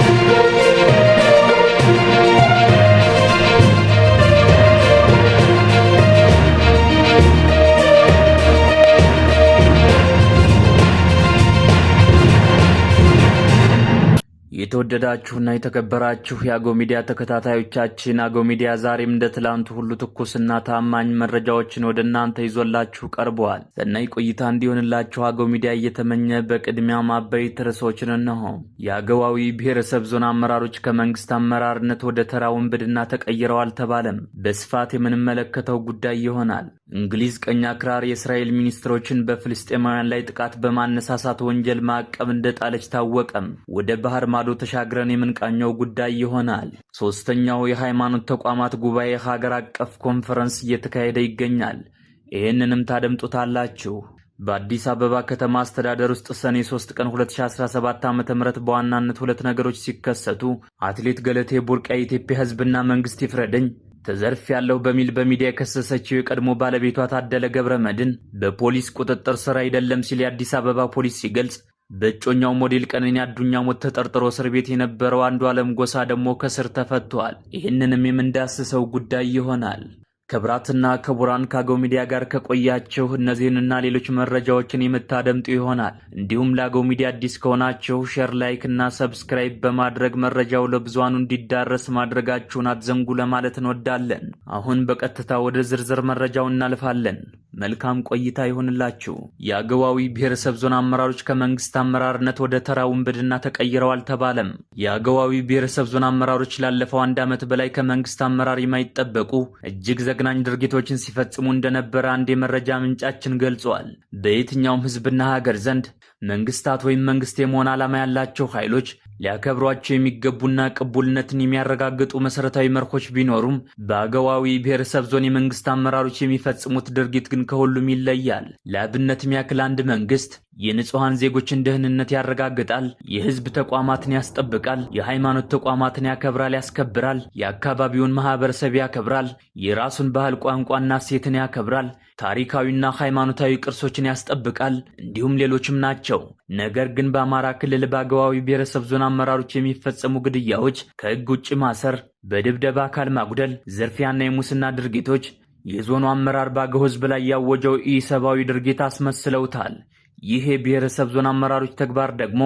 Música የተወደዳችሁና የተከበራችሁ የአገው ሚዲያ ተከታታዮቻችን አገው ሚዲያ ዛሬም እንደ ትላንቱ ሁሉ ትኩስና ታማኝ መረጃዎችን ወደ እናንተ ይዞላችሁ ቀርበዋል። ሰናይ ቆይታ እንዲሆንላችሁ አገው ሚዲያ እየተመኘ በቅድሚያ ማበይት ርዕሶችን እነሆ። የአገዋዊ ብሔረሰብ ዞን አመራሮች ከመንግስት አመራርነት ወደ ተራ ውንብድና ተቀይረዋል ተባለም። በስፋት የምንመለከተው ጉዳይ ይሆናል። እንግሊዝ ቀኝ አክራር የእስራኤል ሚኒስትሮችን በፍልስጤማውያን ላይ ጥቃት በማነሳሳት ወንጀል ማዕቀብ እንደጣለች ታወቀም። ወደ ባህር ማዶ ተሻግረን የምንቃኘው ጉዳይ ይሆናል። ሦስተኛው የሃይማኖት ተቋማት ጉባኤ ሀገር አቀፍ ኮንፈረንስ እየተካሄደ ይገኛል። ይህንንም ታደምጡታላችሁ። በአዲስ አበባ ከተማ አስተዳደር ውስጥ ሰኔ 3 ቀን 2017 ዓ ም በዋናነት ሁለት ነገሮች ሲከሰቱ አትሌት ገለቴ ቡርቃ የኢትዮጵያ ሕዝብና መንግሥት ይፍረደኝ ተዘርፍ ያለው በሚል በሚዲያ የከሰሰችው የቀድሞ ባለቤቷ ታደለ ገብረ መድን በፖሊስ ቁጥጥር ስር አይደለም ሲል የአዲስ አበባ ፖሊስ ሲገልጽ፣ በእጮኛው ሞዴል ቀነኒ አዱኛ ሞት ተጠርጥሮ እስር ቤት የነበረው አንዱ አለም ጎሳ ደግሞ ከስር ተፈቷል። ይህንንም የምንዳስሰው ጉዳይ ይሆናል። ከብራትና ክቡራን ከአገው ሚዲያ ጋር ከቆያችሁ እነዚህንና ሌሎች መረጃዎችን የምታደምጡ ይሆናል። እንዲሁም ለአገው ሚዲያ አዲስ ከሆናችሁ ሼር፣ ላይክ እና ሰብስክራይብ በማድረግ መረጃው ለብዙሃኑ እንዲዳረስ ማድረጋችሁን አትዘንጉ ለማለት እንወዳለን። አሁን በቀጥታ ወደ ዝርዝር መረጃው እናልፋለን። መልካም ቆይታ ይሆንላችሁ። የአገዋዊ ብሔረሰብ ዞን አመራሮች ከመንግስት አመራርነት ወደ ተራ ውንብድና ተቀይረው አልተባለም። የአገዋዊ ብሔረሰብ ዞን አመራሮች ላለፈው አንድ ዓመት በላይ ከመንግስት አመራር የማይጠበቁ እጅግ ዘግናኝ ድርጊቶችን ሲፈጽሙ እንደነበረ አንድ የመረጃ ምንጫችን ገልጿል። በየትኛውም ህዝብና ሀገር ዘንድ መንግስታት ወይም መንግስት የመሆን ዓላማ ያላቸው ኃይሎች ሊያከብሯቸው የሚገቡና ቅቡልነትን የሚያረጋግጡ መሰረታዊ መርሆች ቢኖሩም በአገዋዊ ብሔረሰብ ዞን የመንግስት አመራሮች የሚፈጽሙት ድርጊት ግን ከሁሉም ይለያል። ለአብነትም ያክል አንድ መንግስት የንጹሐን ዜጎችን ደህንነት ያረጋግጣል፣ የህዝብ ተቋማትን ያስጠብቃል፣ የሃይማኖት ተቋማትን ያከብራል፣ ያስከብራል፣ የአካባቢውን ማህበረሰብ ያከብራል፣ የራሱን ባህል ቋንቋና ሴትን ያከብራል፣ ታሪካዊና ሃይማኖታዊ ቅርሶችን ያስጠብቃል፣ እንዲሁም ሌሎችም ናቸው። ነገር ግን በአማራ ክልል በአገባዊ ብሔረሰብ ዞን አመራሮች የሚፈጸሙ ግድያዎች ከህግ ውጭ ማሰር፣ በድብደባ አካል ማጉደል፣ ዝርፊያና የሙስና ድርጊቶች የዞኑ አመራር ባገው ህዝብ ላይ ያወጀው ኢሰብአዊ ድርጊት አስመስለውታል። ይህ የብሔረሰብ ዞን አመራሮች ተግባር ደግሞ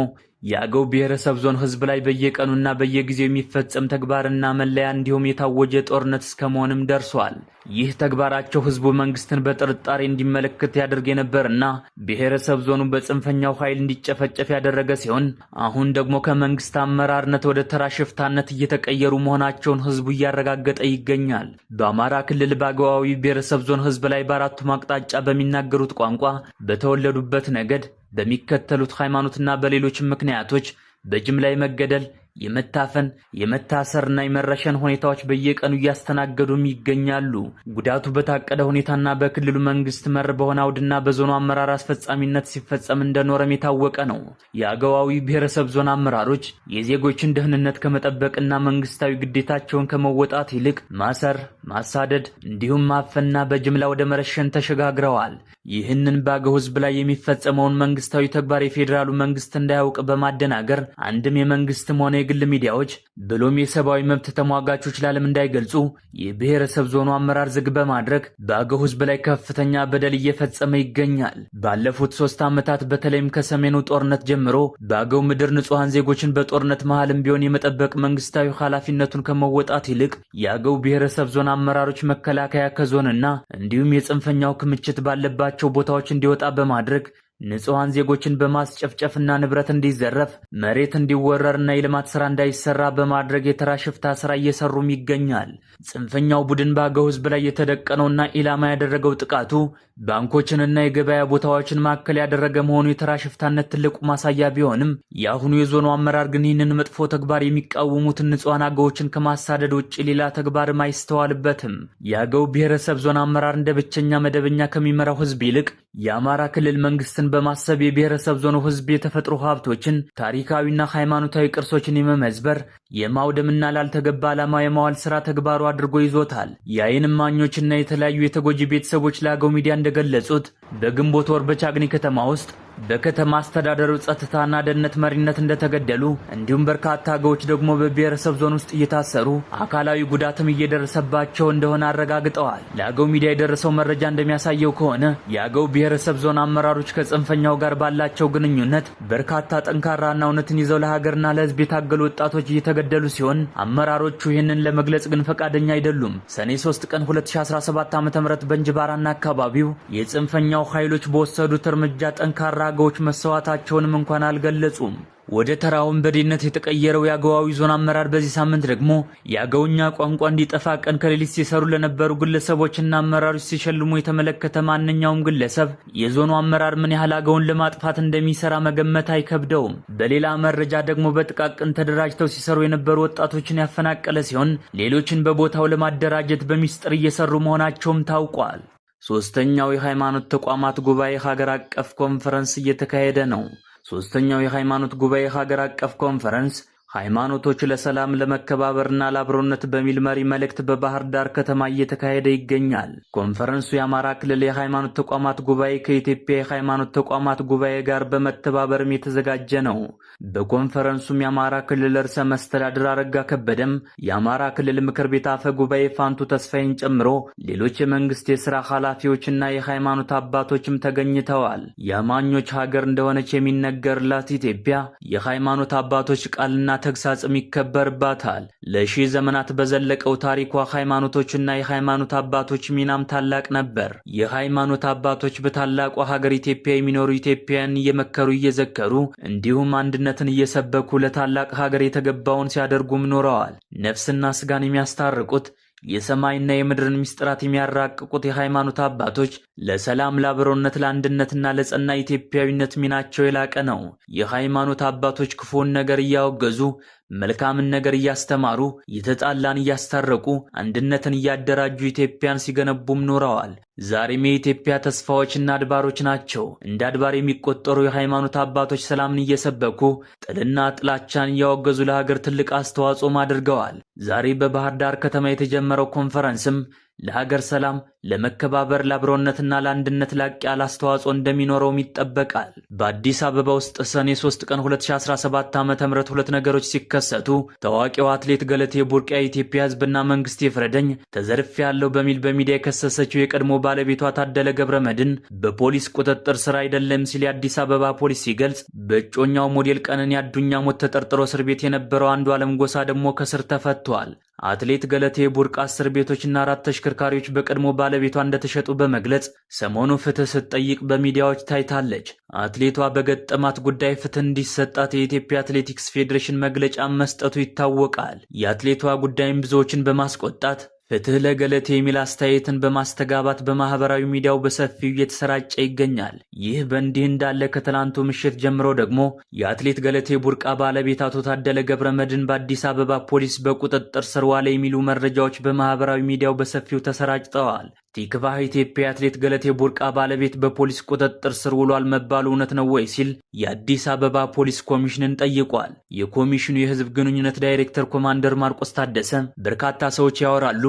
የአገው ብሔረሰብ ዞን ህዝብ ላይ በየቀኑና በየጊዜው የሚፈጸም ተግባርና መለያ እንዲሁም የታወጀ ጦርነት እስከመሆንም ደርሷል። ይህ ተግባራቸው ህዝቡ መንግስትን በጥርጣሬ እንዲመለከት ያደርግ የነበርና ብሔረሰብ ዞኑ በጽንፈኛው ኃይል እንዲጨፈጨፍ ያደረገ ሲሆን አሁን ደግሞ ከመንግስት አመራርነት ወደ ተራ ሽፍታነት እየተቀየሩ መሆናቸውን ህዝቡ እያረጋገጠ ይገኛል። በአማራ ክልል በአገዋዊ ብሔረሰብ ዞን ህዝብ ላይ በአራቱም አቅጣጫ በሚናገሩት ቋንቋ፣ በተወለዱበት ነገድ፣ በሚከተሉት ሃይማኖትና በሌሎችም ምክንያቶች በጅምላ መገደል የመታፈን የመታሰርና የመረሸን ሁኔታዎች በየቀኑ እያስተናገዱም ይገኛሉ። ጉዳቱ በታቀደ ሁኔታና በክልሉ መንግስት መር በሆነ አውድና በዞኑ አመራር አስፈጻሚነት ሲፈጸም እንደኖረም የታወቀ ነው። የአገዋዊ ብሔረሰብ ዞን አመራሮች የዜጎችን ደህንነት ከመጠበቅና መንግስታዊ ግዴታቸውን ከመወጣት ይልቅ ማሰር፣ ማሳደድ እንዲሁም ማፈንና በጅምላ ወደ መረሸን ተሸጋግረዋል። ይህንን ባገው ህዝብ ላይ የሚፈጸመውን መንግስታዊ ተግባር የፌዴራሉ መንግስት እንዳያውቅ በማደናገር አንድም የመንግስትም ሆነ የግል ሚዲያዎች ብሎም የሰብአዊ መብት ተሟጋቾች ለዓለም እንዳይገልጹ የብሔረሰብ ዞኑ አመራር ዝግ በማድረግ በአገው ህዝብ ላይ ከፍተኛ በደል እየፈጸመ ይገኛል። ባለፉት ሶስት ዓመታት በተለይም ከሰሜኑ ጦርነት ጀምሮ በአገው ምድር ንጹሐን ዜጎችን በጦርነት መሃልም ቢሆን የመጠበቅ መንግስታዊ ኃላፊነቱን ከመወጣት ይልቅ የአገው ብሔረሰብ ዞን አመራሮች መከላከያ ከዞንና እንዲሁም የጽንፈኛው ክምችት ባለባቸው ከሚፈልጋቸው ቦታዎች እንዲወጣ በማድረግ ንጹሐን ዜጎችን በማስጨፍጨፍና ንብረት እንዲዘረፍ መሬት እንዲወረርና የልማት ስራ እንዳይሰራ በማድረግ የተራ ሽፍታ ስራ እየሰሩም ይገኛል። ጽንፈኛው ቡድን በአገው ህዝብ ላይ የተደቀነውና ኢላማ ያደረገው ጥቃቱ ባንኮችንና የገበያ ቦታዎችን ማዕከል ያደረገ መሆኑ የተራ ሽፍታነት ትልቁ ማሳያ ቢሆንም የአሁኑ የዞኑ አመራር ግን ይህንን መጥፎ ተግባር የሚቃወሙትን ንጹሐን አገዎችን ከማሳደድ ውጭ ሌላ ተግባርም አይስተዋልበትም። የአገው ብሔረሰብ ዞን አመራር እንደ ብቸኛ መደበኛ ከሚመራው ህዝብ ይልቅ የአማራ ክልል መንግስትን በማሰብ የብሔረሰብ ዞኑ ህዝብ የተፈጥሮ ሀብቶችን ታሪካዊና ሃይማኖታዊ ቅርሶችን የመመዝበር የማውደምና ላልተገባ ዓላማ የማዋል ስራ ተግባሩ አድርጎ ይዞታል። የአይን እማኞችና የተለያዩ የተጎጂ ቤተሰቦች ለአገው ሚዲያ እንደገለጹት በግንቦት ወር በቻግኒ ከተማ ውስጥ በከተማ አስተዳደሩ ጸጥታና ደህንነት መሪነት እንደተገደሉ እንዲሁም በርካታ አገዎች ደግሞ በብሔረሰብ ዞን ውስጥ እየታሰሩ አካላዊ ጉዳትም እየደረሰባቸው እንደሆነ አረጋግጠዋል። ለአገው ሚዲያ የደረሰው መረጃ እንደሚያሳየው ከሆነ የአገው ብሔረሰብ ዞን አመራሮች ከጽንፈኛው ጋር ባላቸው ግንኙነት በርካታ ጠንካራና እውነትን ይዘው ለሀገርና ለሕዝብ የታገሉ ወጣቶች እየተገደሉ ሲሆን አመራሮቹ ይህንን ለመግለጽ ግን ፈቃደኛ አይደሉም። ሰኔ 3 ቀን 2017 ዓ.ም በእንጅባራና አካባቢው የጽንፈኛው ኃይሎች በወሰዱት እርምጃ ጠንካራ አገዎች መሰዋታቸውንም እንኳን አልገለጹም። ወደ ተራ ወንበዴነት የተቀየረው የአገዋዊ ዞን አመራር በዚህ ሳምንት ደግሞ የአገውኛ ቋንቋ እንዲጠፋ ቀን ከሌሊት ሲሰሩ ለነበሩ ግለሰቦችና አመራሮች ሲሸልሙ የተመለከተ ማንኛውም ግለሰብ የዞኑ አመራር ምን ያህል አገውን ለማጥፋት እንደሚሰራ መገመት አይከብደውም። በሌላ መረጃ ደግሞ በጥቃቅን ተደራጅተው ሲሰሩ የነበሩ ወጣቶችን ያፈናቀለ ሲሆን ሌሎችን በቦታው ለማደራጀት በሚስጥር እየሰሩ መሆናቸውም ታውቋል። ሶስተኛው የሃይማኖት ተቋማት ጉባኤ ሀገር አቀፍ ኮንፈረንስ እየተካሄደ ነው። ሶስተኛው የሃይማኖት ጉባኤ ሀገር አቀፍ ኮንፈረንስ ሃይማኖቶች ለሰላም ለመከባበርና ለአብሮነት በሚል መሪ መልእክት በባህር ዳር ከተማ እየተካሄደ ይገኛል። ኮንፈረንሱ የአማራ ክልል የሃይማኖት ተቋማት ጉባኤ ከኢትዮጵያ የሃይማኖት ተቋማት ጉባኤ ጋር በመተባበርም የተዘጋጀ ነው። በኮንፈረንሱም የአማራ ክልል ርዕሰ መስተዳድር አረጋ ከበደም የአማራ ክልል ምክር ቤት አፈ ጉባኤ ፋንቱ ተስፋይን ጨምሮ ሌሎች የመንግስት የስራ ኃላፊዎችና የሃይማኖት አባቶችም ተገኝተዋል። የአማኞች ሀገር እንደሆነች የሚነገርላት ኢትዮጵያ የሃይማኖት አባቶች ቃልና ተግሳጽም ይከበርባታል። ለሺህ ዘመናት በዘለቀው ታሪኳ ሃይማኖቶችና የሃይማኖት አባቶች ሚናም ታላቅ ነበር። የሃይማኖት አባቶች በታላቋ ሀገር ኢትዮጵያ የሚኖሩ ኢትዮጵያውያን እየመከሩ እየዘከሩ፣ እንዲሁም አንድነትን እየሰበኩ ለታላቅ ሀገር የተገባውን ሲያደርጉም ኖረዋል። ነፍስና ስጋን የሚያስታርቁት የሰማይና የምድርን ምስጢራት የሚያራቅቁት የሃይማኖት አባቶች ለሰላም፣ ለአብሮነት፣ ለአንድነትና ለጸና ኢትዮጵያዊነት ሚናቸው የላቀ ነው። የሃይማኖት አባቶች ክፉን ነገር እያወገዙ መልካምን ነገር እያስተማሩ የተጣላን እያስታረቁ አንድነትን እያደራጁ ኢትዮጵያን ሲገነቡም ኖረዋል። ዛሬም የኢትዮጵያ ተስፋዎችና አድባሮች ናቸው። እንደ አድባር የሚቆጠሩ የሃይማኖት አባቶች ሰላምን እየሰበኩ ጥልና ጥላቻን እያወገዙ ለሀገር ትልቅ አስተዋጽኦም አድርገዋል። ዛሬ በባህር ዳር ከተማ የተጀመረው ኮንፈረንስም ለሀገር ሰላም ለመከባበር ለአብሮነትና ለአንድነት ላቅ ያለ አስተዋጽኦ እንደሚኖረውም ይጠበቃል። በአዲስ አበባ ውስጥ ሰኔ 3 ቀን 2017 ዓ ም ሁለት ነገሮች ሲከሰቱ ታዋቂው አትሌት ገለቴ ቡርቃ የኢትዮጵያ ሕዝብና መንግስት ይፍረደኝ ተዘርፍ ያለው በሚል በሚዲያ የከሰሰችው የቀድሞ ባለቤቷ ታደለ ገብረ መድን በፖሊስ ቁጥጥር ስር አይደለም ሲል የአዲስ አበባ ፖሊስ ሲገልጽ፣ በእጮኛው ሞዴል ቀነኒ አዱኛ ሞት ተጠርጥሮ እስር ቤት የነበረው አንዱ አለም ጎሳ ደግሞ ከስር ተፈቷል። አትሌት ገለቴ ቡርቃ እስር ቤቶችና አራት ተሽከርካሪዎች በቀድሞ ባለ ባለቤቷ እንደተሸጡ በመግለጽ ሰሞኑ ፍትህ ስትጠይቅ በሚዲያዎች ታይታለች። አትሌቷ በገጠማት ጉዳይ ፍትህ እንዲሰጣት የኢትዮጵያ አትሌቲክስ ፌዴሬሽን መግለጫ መስጠቱ ይታወቃል። የአትሌቷ ጉዳይም ብዙዎችን በማስቆጣት ፍትህ ለገለቴ የሚል አስተያየትን በማስተጋባት በማህበራዊ ሚዲያው በሰፊው እየተሰራጨ ይገኛል። ይህ በእንዲህ እንዳለ ከትላንቱ ምሽት ጀምሮ ደግሞ የአትሌት ገለቴ ቡርቃ ባለቤት አቶ ታደለ ገብረ መድን በአዲስ አበባ ፖሊስ በቁጥጥር ስር ዋለ የሚሉ መረጃዎች በማህበራዊ ሚዲያው በሰፊው ተሰራጭተዋል። ቲክቫህ ኢትዮጵያ የአትሌት ገለቴ ቡርቃ ባለቤት በፖሊስ ቁጥጥር ስር ውሏል መባሉ እውነት ነው ወይ ሲል የአዲስ አበባ ፖሊስ ኮሚሽንን ጠይቋል። የኮሚሽኑ የህዝብ ግንኙነት ዳይሬክተር ኮማንደር ማርቆስ ታደሰ በርካታ ሰዎች ያወራሉ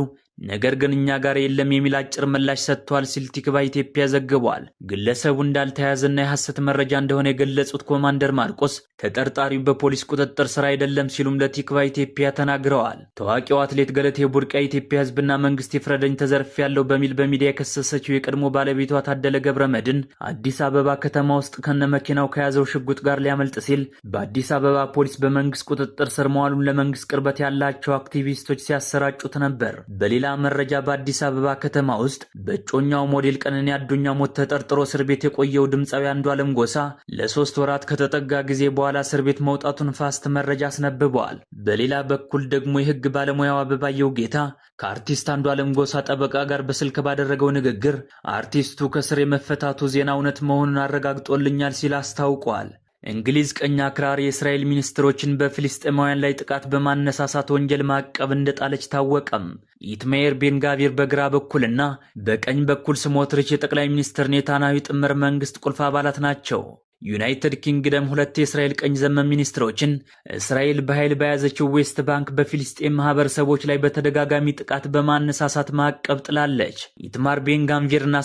ነገር ግን እኛ ጋር የለም የሚል አጭር ምላሽ ሰጥቷል ሲል ቲክባ ኢትዮጵያ ዘግቧል። ግለሰቡ እንዳልተያዘና የሐሰት መረጃ እንደሆነ የገለጹት ኮማንደር ማርቆስ ተጠርጣሪው በፖሊስ ቁጥጥር ስር አይደለም ሲሉም ለቲክባ ኢትዮጵያ ተናግረዋል። ታዋቂው አትሌት ገለቴ ቡርቃ የኢትዮጵያ ሕዝብና መንግስት ይፍረደኝ ተዘርፌያለሁ በሚል በሚዲያ የከሰሰችው የቀድሞ ባለቤቷ ታደለ ገብረ መድን አዲስ አበባ ከተማ ውስጥ ከነመኪናው ከያዘው ሽጉጥ ጋር ሊያመልጥ ሲል በአዲስ አበባ ፖሊስ በመንግስት ቁጥጥር ስር መዋሉን ለመንግስት ቅርበት ያላቸው አክቲቪስቶች ሲያሰራጩት ነበር። በሌላ በሌላ መረጃ በአዲስ አበባ ከተማ ውስጥ በእጮኛው ሞዴል ቀነኒ አዱኛ ሞት ተጠርጥሮ እስር ቤት የቆየው ድምፃዊ አንዷለም ጎሳ ለሶስት ወራት ከተጠጋ ጊዜ በኋላ እስር ቤት መውጣቱን ፋስት መረጃ አስነብበዋል። በሌላ በኩል ደግሞ የህግ ባለሙያው አበባየው ጌታ ከአርቲስት አንዷለም ጎሳ ጠበቃ ጋር በስልክ ባደረገው ንግግር አርቲስቱ ከስር የመፈታቱ ዜና እውነት መሆኑን አረጋግጦልኛል ሲል አስታውቋል። እንግሊዝ ቀኝ አክራሪ የእስራኤል ሚኒስትሮችን በፊልስጤማውያን ላይ ጥቃት በማነሳሳት ወንጀል ማዕቀብ እንደጣለች ታወቀም። ኢትሜር ቤንጋቪር በግራ በኩልና በቀኝ በኩል ስሞትሪች የጠቅላይ ሚኒስትር ኔታናዊ ጥምር መንግስት ቁልፍ አባላት ናቸው። ዩናይትድ ኪንግደም ሁለት የእስራኤል ቀኝ ዘመን ሚኒስትሮችን እስራኤል በኃይል በያዘችው ዌስት ባንክ በፊልስጤም ማህበረሰቦች ላይ በተደጋጋሚ ጥቃት በማነሳሳት ማዕቀብ ጥላለች። ኢትማር ቤን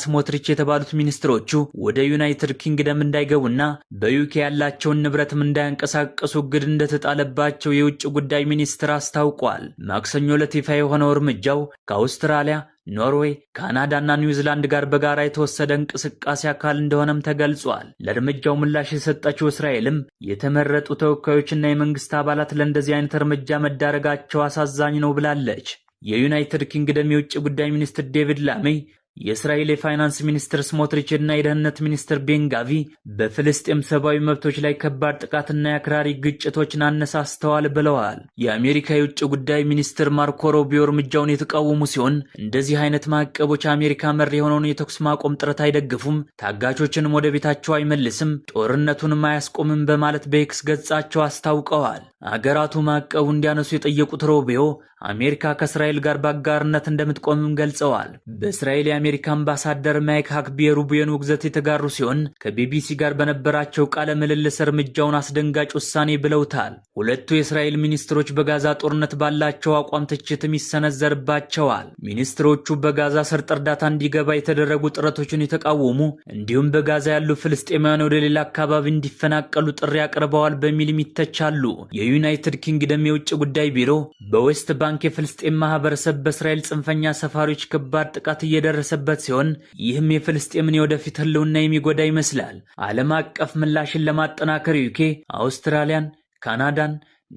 ስሞትሪች የተባሉት ሚኒስትሮቹ ወደ ዩናይትድ ኪንግደም እንዳይገቡና በዩኬ ያላቸውን ንብረትም እንዳያንቀሳቀሱ እግድ እንደተጣለባቸው የውጭ ጉዳይ ሚኒስትር አስታውቋል። ማክሰኞ ዕለት ይፋ የሆነው እርምጃው ከአውስትራሊያ ኖርዌይ፣ ካናዳና ኒውዚላንድ ጋር በጋራ የተወሰደ እንቅስቃሴ አካል እንደሆነም ተገልጿል። ለእርምጃው ምላሽ የሰጠችው እስራኤልም የተመረጡ ተወካዮችና የመንግስት አባላት ለእንደዚህ አይነት እርምጃ መዳረጋቸው አሳዛኝ ነው ብላለች። የዩናይትድ ኪንግደም የውጭ ጉዳይ ሚኒስትር ዴቪድ ላሜይ የእስራኤል የፋይናንስ ሚኒስትር ስሞትሪች እና የደህንነት ሚኒስትር ቤንጋቪ በፍልስጤም ሰብአዊ መብቶች ላይ ከባድ ጥቃትና የአክራሪ ግጭቶችን አነሳስተዋል ብለዋል። የአሜሪካ የውጭ ጉዳይ ሚኒስትር ማርኮ ሮቢዮ እርምጃውን የተቃወሙ ሲሆን እንደዚህ አይነት ማዕቀቦች አሜሪካ መር የሆነውን የተኩስ ማቆም ጥረት አይደግፉም፣ ታጋቾችንም ወደ ቤታቸው አይመልስም፣ ጦርነቱንም አያስቆምም በማለት በኤክስ ገጻቸው አስታውቀዋል። አገራቱ ማዕቀቡ እንዲያነሱ የጠየቁት ሮቢዮ አሜሪካ ከእስራኤል ጋር በአጋርነት እንደምትቆምም ገልጸዋል። በእስራኤል የአሜሪካ አምባሳደር ማይክ ሀክቢ የሩቢዮን ውግዘት የተጋሩ ሲሆን ከቢቢሲ ጋር በነበራቸው ቃለ ምልልስ እርምጃውን አስደንጋጭ ውሳኔ ብለውታል። ሁለቱ የእስራኤል ሚኒስትሮች በጋዛ ጦርነት ባላቸው አቋም ትችትም ይሰነዘርባቸዋል። ሚኒስትሮቹ በጋዛ ሰርጥ እርዳታ እንዲገባ የተደረጉ ጥረቶችን የተቃወሙ እንዲሁም በጋዛ ያሉ ፍልስጤማውያን ወደ ሌላ አካባቢ እንዲፈናቀሉ ጥሪ አቅርበዋል በሚልም ይተቻሉ። የዩናይትድ ኪንግደም የውጭ ጉዳይ ቢሮ በዌስት ባንክ የፍልስጤም ማህበረሰብ በእስራኤል ጽንፈኛ ሰፋሪዎች ከባድ ጥቃት እየደረሰበት ሲሆን ይህም የፍልስጤምን የወደፊት ህልውና የሚጎዳ ይመስላል። ዓለም አቀፍ ምላሽን ለማጠናከር ዩኬ፣ አውስትራሊያን፣ ካናዳን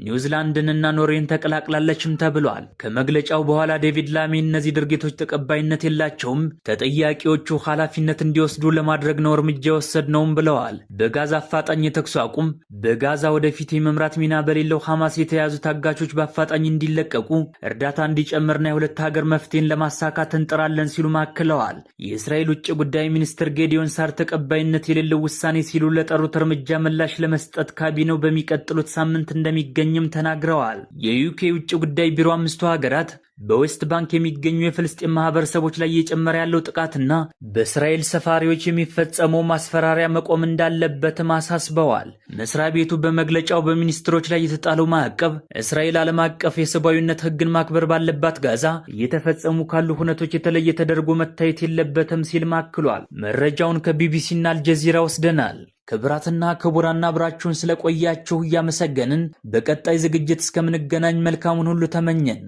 ኒውዚላንድንና ኖርዌይን ተቀላቅላለችም ተብሏል። ከመግለጫው በኋላ ዴቪድ ላሚ እነዚህ ድርጊቶች ተቀባይነት የላቸውም፣ ተጠያቂዎቹ ኃላፊነት እንዲወስዱ ለማድረግ ነው እርምጃ የወሰድነውም ብለዋል። በጋዛ አፋጣኝ የተኩስ አቁም፣ በጋዛ ወደፊት የመምራት ሚና በሌለው ሐማስ የተያዙ ታጋቾች በአፋጣኝ እንዲለቀቁ፣ እርዳታ እንዲጨምርና የሁለት ሀገር መፍትሄን ለማሳካት እንጥራለን ሲሉ ማክለዋል። የእስራኤል ውጭ ጉዳይ ሚኒስትር ጌዲዮን ሳር ተቀባይነት የሌለው ውሳኔ ሲሉ ለጠሩት እርምጃ ምላሽ ለመስጠት ካቢኔው በሚቀጥሉት ሳምንት እንደሚገ እንደሚገኝም ተናግረዋል። የዩኬ ውጭ ጉዳይ ቢሮ አምስቱ ሀገራት በዌስት ባንክ የሚገኙ የፍልስጤም ማህበረሰቦች ላይ እየጨመረ ያለው ጥቃትና በእስራኤል ሰፋሪዎች የሚፈጸመው ማስፈራሪያ መቆም እንዳለበትም አሳስበዋል። መስሪያ ቤቱ በመግለጫው በሚኒስትሮች ላይ የተጣለው ማዕቀብ እስራኤል ዓለም አቀፍ የሰብአዊነት ሕግን ማክበር ባለባት ጋዛ እየተፈጸሙ ካሉ ሁነቶች የተለየ ተደርጎ መታየት የለበትም ሲል ማክሏል። መረጃውን ከቢቢሲና አልጀዚራ ወስደናል። ክብራትና ክቡራን አብራችሁን ስለቆያችሁ እያመሰገንን በቀጣይ ዝግጅት እስከምንገናኝ መልካሙን ሁሉ ተመኘን።